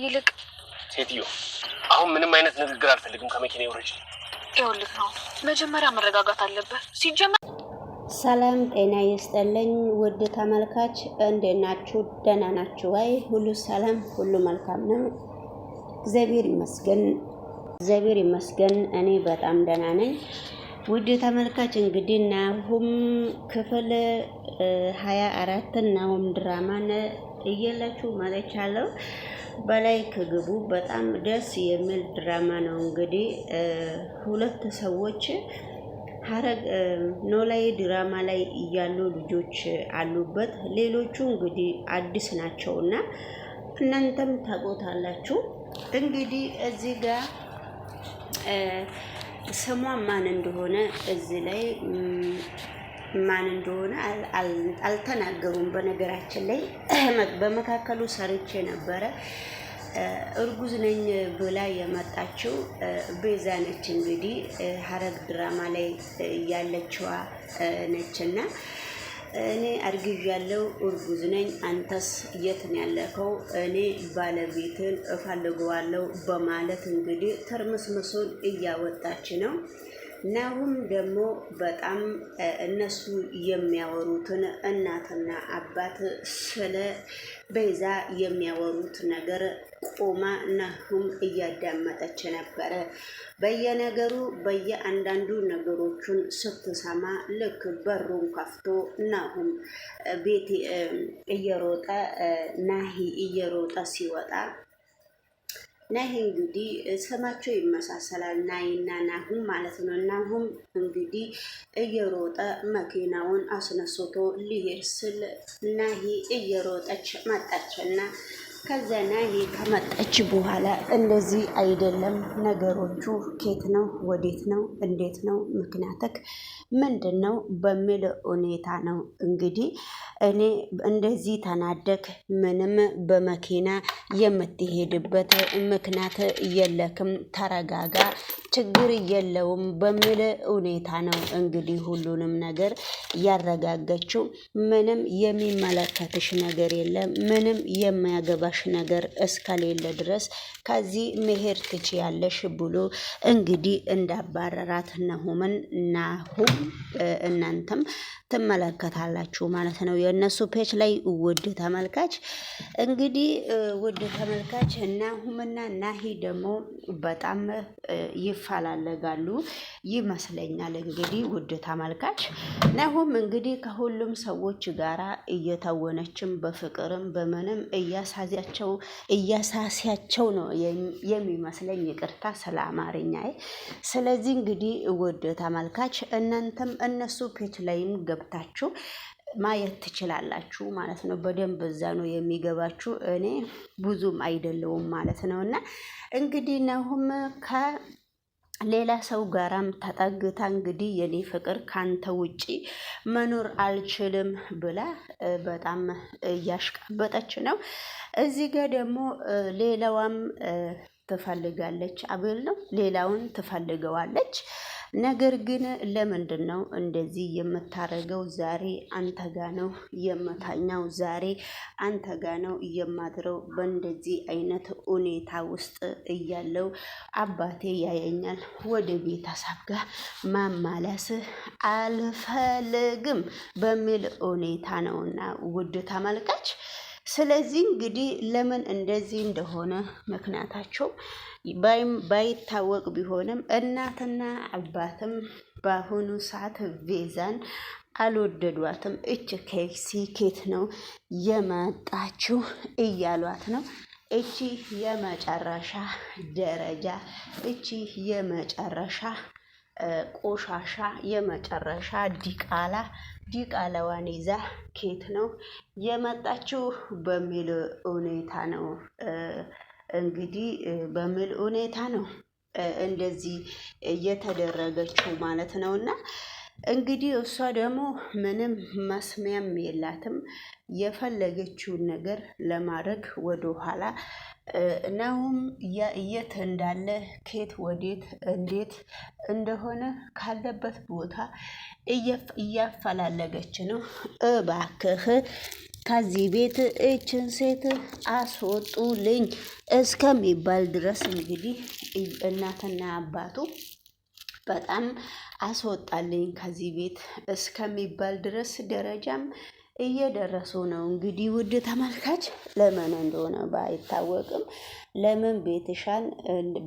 ይልቅ ሴትዮ፣ አሁን ምንም አይነት ንግግር አልፈልግም። ከመኪና ይውረጅ። ይኸውልህ ነው መጀመሪያ መረጋጋት አለበት። ሲጀመር ሰላም ጤና ይስጠልኝ። ውድ ተመልካች እንዴት ናችሁ? ደህና ናችሁ ወይ? ሁሉ ሰላም፣ ሁሉ መልካም ነው። እግዚአብሔር ይመስገን፣ እግዚአብሔር ይመስገን። እኔ በጣም ደህና ነኝ። ውድ ተመልካች እንግዲህ ናሁም ክፍል ሀያ አራትን ናሁም ድራማን እየላችሁ መጥቻለሁ። በላይ ክግቡ በጣም ደስ የሚል ድራማ ነው። እንግዲህ ሁለት ሰዎች ሀረግ ኖላዊ ድራማ ላይ እያሉ ልጆች አሉበት። ሌሎቹ እንግዲህ አዲስ ናቸው እና እናንተም ታውቁታላችሁ። እንግዲህ እዚህ ጋር ስሟ ማን እንደሆነ እዚህ ላይ ማን እንደሆነ አልተናገሩም። በነገራችን ላይ በመካከሉ ሰርቼ ነበረ። እርጉዝ ነኝ ብላ የመጣችው ቤዛ ነች። እንግዲህ ሀረግ ድራማ ላይ ያለችዋ ነችና እኔ አርግዥ ያለው እርጉዝ ነኝ፣ አንተስ የት ነው ያለከው? እኔ ባለቤትን እፈልገዋለሁ በማለት እንግዲህ ትርምስምሱን እያወጣች ነው። ናሁም ደግሞ በጣም እነሱ የሚያወሩትን እናትና አባት ስለ ቤዛ የሚያወሩት ነገር ቆማ ናሁም እያዳመጠች ነበረ። በየነገሩ በየአንዳንዱ ነገሮቹን ስትሰማ ልክ በሩን ከፍቶ ናሁም ቤት እየሮጠ ናሂ እየሮጠ ሲወጣ ናይህ እንግዲህ ስማቸው ይመሳሰላል ናይና ናሁም ማለት ነው። ናሁም እንግዲህ እየሮጠ መኪናውን አስነስቶ ሊሄድ ስል ናሂ እየሮጠች መጣችና ከዘና ይሄ ከመጣች በኋላ እንደዚህ አይደለም ነገሮቹ። ኬት ነው ወዴት ነው እንዴት ነው ምክንያትክ ምንድን ነው በሚል ሁኔታ ነው እንግዲህ እኔ እንደዚህ ተናደክ ምንም በመኪና የምትሄድበት ምክንያት የለክም። ተረጋጋ ችግር የለውም በሚል ሁኔታ ነው እንግዲህ ሁሉንም ነገር ያረጋገችው። ምንም የሚመለከትሽ ነገር የለም፣ ምንም የማያገባሽ ነገር እስከሌለ ድረስ ከዚህ መሄድ ትችያለሽ ብሎ እንግዲህ እንዳባረራት ነሁምን ናሁም እናንተም ትመለከታላችሁ ማለት ነው የእነሱ ፔጅ ላይ ውድ ተመልካች እንግዲህ ውድ ተመልካች ናሁምና ናሂ ደግሞ በጣም ይፈላለጋሉ ይመስለኛል። እንግዲህ ውድ ተመልካች ናሁም እንግዲህ ከሁሉም ሰዎች ጋራ እየተወነችም በፍቅርም በምንም እያሳዚያቸው እያሳሲያቸው ነው የሚመስለኝ። ይቅርታ ስለ አማርኛ። ስለዚህ እንግዲህ ውድ ተመልካች እናንተም እነሱ ፔጅ ላይም ገብታችሁ ማየት ትችላላችሁ ማለት ነው። በደንብ እዛ ነው የሚገባችሁ። እኔ ብዙም አይደለውም ማለት ነው እና እንግዲህ ነሁም። ከ ሌላ ሰው ጋራም ተጠግታ እንግዲህ የኔ ፍቅር ካንተ ውጪ መኖር አልችልም ብላ በጣም እያሽቃበጠች ነው። እዚህ ጋር ደግሞ ሌላዋም ትፈልጋለች፣ አብል ነው ሌላውን ትፈልገዋለች። ነገር ግን ለምንድን ነው እንደዚህ የምታደርገው? ዛሬ አንተ ጋ ነው የምተኛው፣ ዛሬ አንተ ጋ ነው የማድረው። በእንደዚህ አይነት ሁኔታ ውስጥ እያለው አባቴ ያየኛል። ወደ ቤተሰብ ጋ ማማለስ አልፈልግም በሚል ሁኔታ ነውና ውድ ተመልካች ስለዚህ እንግዲህ ለምን እንደዚህ እንደሆነ ምክንያታቸው ባይታወቅ ቢሆንም እናትና አባትም በአሁኑ ሰዓት ቤዛን አልወደዷትም። እች ከሲ ኬት ነው የመጣችው እያሏት ነው። እቺ የመጨረሻ ደረጃ፣ እቺ የመጨረሻ ቆሻሻ፣ የመጨረሻ ዲቃላ ዲቃላዋን ይዛ ኬት ነው የመጣችው በሚል ሁኔታ ነው እንግዲህ በምን ሁኔታ ነው እንደዚህ እየተደረገችው ማለት ነው እና እንግዲህ እሷ ደግሞ ምንም መስሚያም የላትም። የፈለገችውን ነገር ለማድረግ ወደኋላ ነውም የት እንዳለ ኬት ወዴት እንዴት እንደሆነ ካለበት ቦታ እያፈላለገች ነው። እባክህ ከዚህ ቤት እችን ሴት አስወጡልኝ እስከሚባል ድረስ እንግዲህ እናትና አባቱ በጣም አስወጣልኝ ከዚህ ቤት እስከሚባል ድረስ ደረጃም እየደረሱ ነው። እንግዲህ ውድ ተመልካች ለምን እንደሆነ ባይታወቅም ለምን ቤትሻን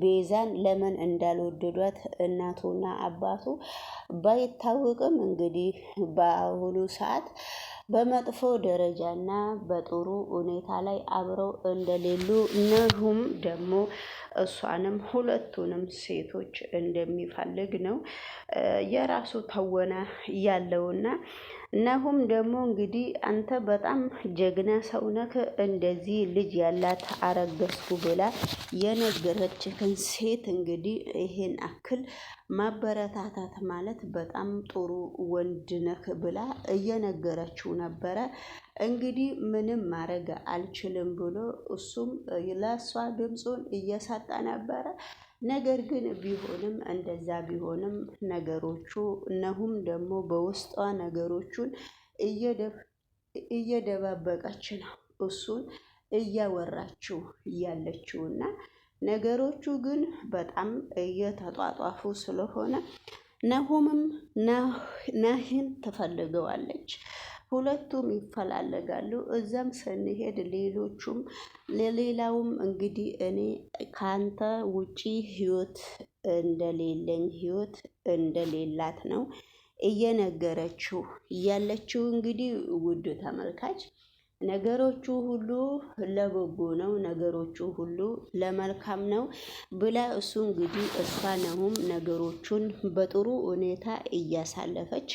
ቤዛን ለምን እንዳልወደዷት እናቱና አባቱ ባይታወቅም እንግዲህ በአሁኑ ሰዓት በመጥፎ ደረጃና በጥሩ ሁኔታ ላይ አብረው እንደሌሉ ነሁም ደግሞ እሷንም ሁለቱንም ሴቶች እንደሚፈልግ ነው የራሱ ተወና ያለውና ነሁም ደግሞ እንግዲህ አንተ በጣም ጀግና ሰውነክ እንደዚህ ልጅ ያላት አረገዝኩ ብላ የነገረችክን ሴት እንግዲህ ይሄን አክል ማበረታታት ማለት በጣም ጥሩ ወንድ ነክ ብላ እየነገረችው ነበረ። እንግዲህ ምንም ማድረግ አልችልም ብሎ እሱም ለእሷ ድምፁን እየሰጠ ነበረ። ነገር ግን ቢሆንም እንደዛ ቢሆንም ነገሮቹ እነሁም ደግሞ በውስጧ ነገሮቹን እየደባበቀች ነው እሱን እያወራችው ያለችውና ነገሮቹ ግን በጣም እየተጧጧፉ ስለሆነ ናሆምም ናህን ትፈልገዋለች። ሁለቱም ይፈላለጋሉ። እዛም ስንሄድ ሌሎቹም ለሌላውም እንግዲህ እኔ ካንተ ውጪ ህይወት እንደሌለኝ ህይወት እንደሌላት ነው እየነገረችው ያለችው። እንግዲህ ውድ ተመልካች ነገሮቹ ሁሉ ለበጎ ነው፣ ነገሮቹ ሁሉ ለመልካም ነው ብላ እሱ እንግዲህ ነሁም ነገሮቹን በጥሩ ሁኔታ እያሳለፈች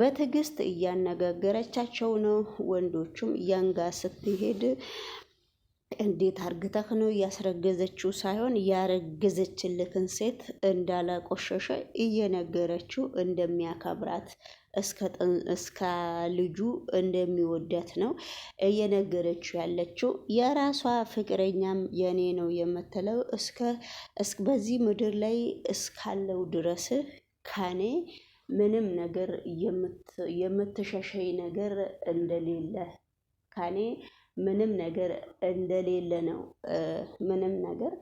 በትዕግስት እያነጋገረቻቸው ነው። ወንዶቹም ያንጋ ስትሄድ እንዴት አርግተህ ነው እያስረገዘችው ሳይሆን ያረገዘችልክን ሴት እንዳላቆሸሸ እየነገረችው እንደሚያከብራት እስከ ልጁ እንደሚወዳት ነው እየነገረችው ያለችው። የራሷ ፍቅረኛም የኔ ነው የምትለው እስከ በዚህ ምድር ላይ እስካለው ድረስ ከኔ ምንም ነገር የምትሸሸይ ነገር እንደሌለ ከኔ ምንም ነገር እንደሌለ ነው ምንም ነገር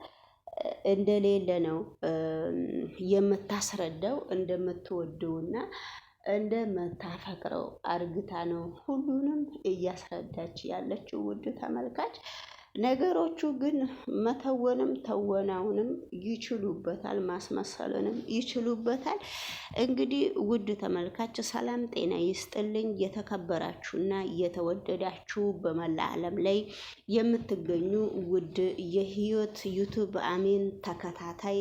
እንደሌለ ነው የምታስረዳው እንደምትወደውና እንደምታፈቅረው አርግታ ነው ሁሉንም እያስረዳች ያለችው ውድ ተመልካች። ነገሮቹ ግን መተወንም ተወናውንም ይችሉበታል፣ ማስመሰልንም ይችሉበታል። እንግዲህ ውድ ተመልካች ሰላም ጤና ይስጥልኝ። የተከበራችሁና የተወደዳችሁ በመላ ዓለም ላይ የምትገኙ ውድ የህይወት ዩቱብ አሜን ተከታታይ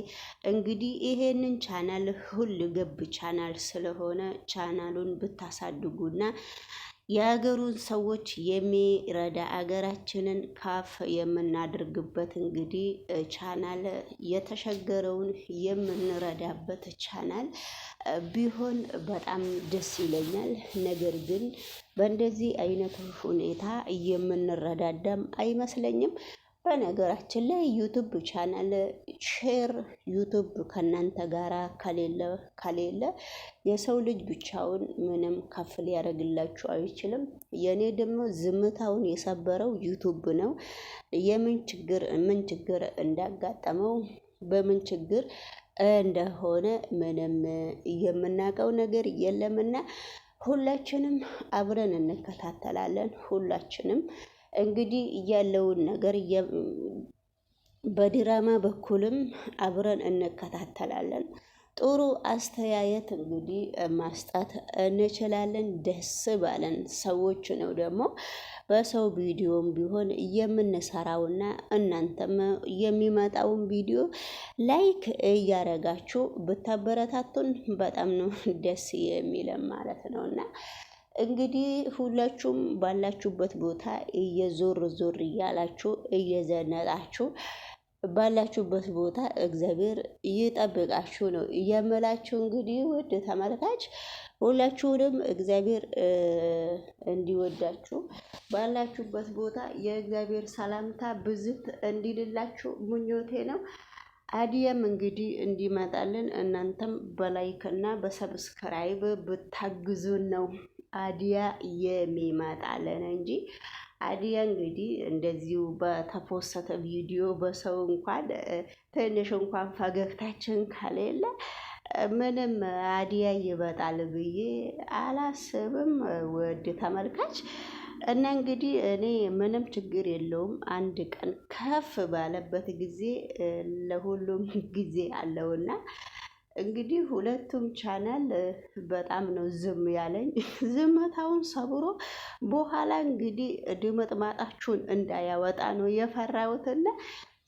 እንግዲህ ይሄንን ቻናል ሁል ገብ ቻናል ስለሆነ ቻናሉን ብታሳድጉና የሀገሩን ሰዎች የሚረዳ አገራችንን ካፍ የምናደርግበት እንግዲህ ቻናል የተሸገረውን የምንረዳበት ቻናል ቢሆን በጣም ደስ ይለኛል። ነገር ግን በእንደዚህ አይነት ሁኔታ የምንረዳዳም አይመስለኝም። በነገራችን ላይ ዩቱብ ቻናል ሼር ዩቱብ ከእናንተ ጋር ከሌለ ከሌለ የሰው ልጅ ብቻውን ምንም ከፍ ሊያደርግላችሁ አይችልም። የእኔ ደግሞ ዝምታውን የሰበረው ዩቱብ ነው። የምን ችግር ምን ችግር እንዳጋጠመው በምን ችግር እንደሆነ ምንም የምናውቀው ነገር የለምና ሁላችንም አብረን እንከታተላለን ሁላችንም እንግዲህ ያለውን ነገር በድራማ በኩልም አብረን እንከታተላለን። ጥሩ አስተያየት እንግዲህ ማስጣት እንችላለን። ደስ ባለን ሰዎች ነው ደግሞ በሰው ቪዲዮም ቢሆን የምንሰራውና እናንተም የሚመጣውን ቪዲዮ ላይክ እያረጋችሁ ብታበረታቱን በጣም ነው ደስ የሚለን ማለት ነው እና እንግዲህ ሁላችሁም ባላችሁበት ቦታ እየዞር ዞር እያላችሁ እየዘነጣችሁ ባላችሁበት ቦታ እግዚአብሔር ይጠብቃችሁ ነው እያመላችሁ። እንግዲህ ወደ ተመልካች ሁላችሁንም እግዚአብሔር እንዲወዳችሁ ባላችሁበት ቦታ የእግዚአብሔር ሰላምታ ብዝት እንዲልላችሁ ምኞቴ ነው። አዲየም እንግዲህ እንዲመጣልን እናንተም በላይክ እና በሰብስክራይብ ብታግዙን ነው። አድያ የሚመጣለን እንጂ አዲያ እንግዲህ እንደዚሁ በተፎሰተ ቪዲዮ በሰው እንኳን ትንሽ እንኳን ፈገግታችን ከሌለ ምንም አድያ ይበጣል ብዬ አላስብም። ውድ ተመልካች እና እንግዲህ እኔ ምንም ችግር የለውም። አንድ ቀን ከፍ ባለበት ጊዜ ለሁሉም ጊዜ አለውና እንግዲህ ሁለቱም ቻናል በጣም ነው ዝም ያለኝ። ዝምታውን ሰብሮ በኋላ እንግዲህ ድምጥማጣችሁን እንዳያወጣ ነው የፈራሁትና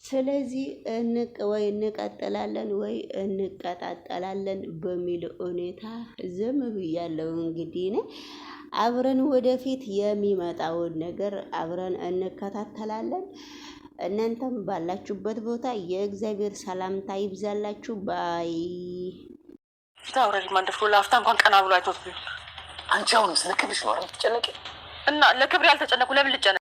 ስለዚህ እንቅ ወይ እንቀጥላለን ወይ እንቀጣጠላለን በሚል ሁኔታ ዝም ብያለሁ። እንግዲህ ነ አብረን ወደፊት የሚመጣውን ነገር አብረን እንከታተላለን። እናንተም ባላችሁበት ቦታ የእግዚአብሔር ሰላምታ ይብዛላችሁ። ባይ ታውረድ ማንደፍሮ ለአፍታ እንኳን ቀና ብሎ አይቶት አንቺ አሁንም ስለ ክብርሽ ነው የምትጨነቂ እና ለክብር ያልተጨነቁ ለምን ልጨነቅ?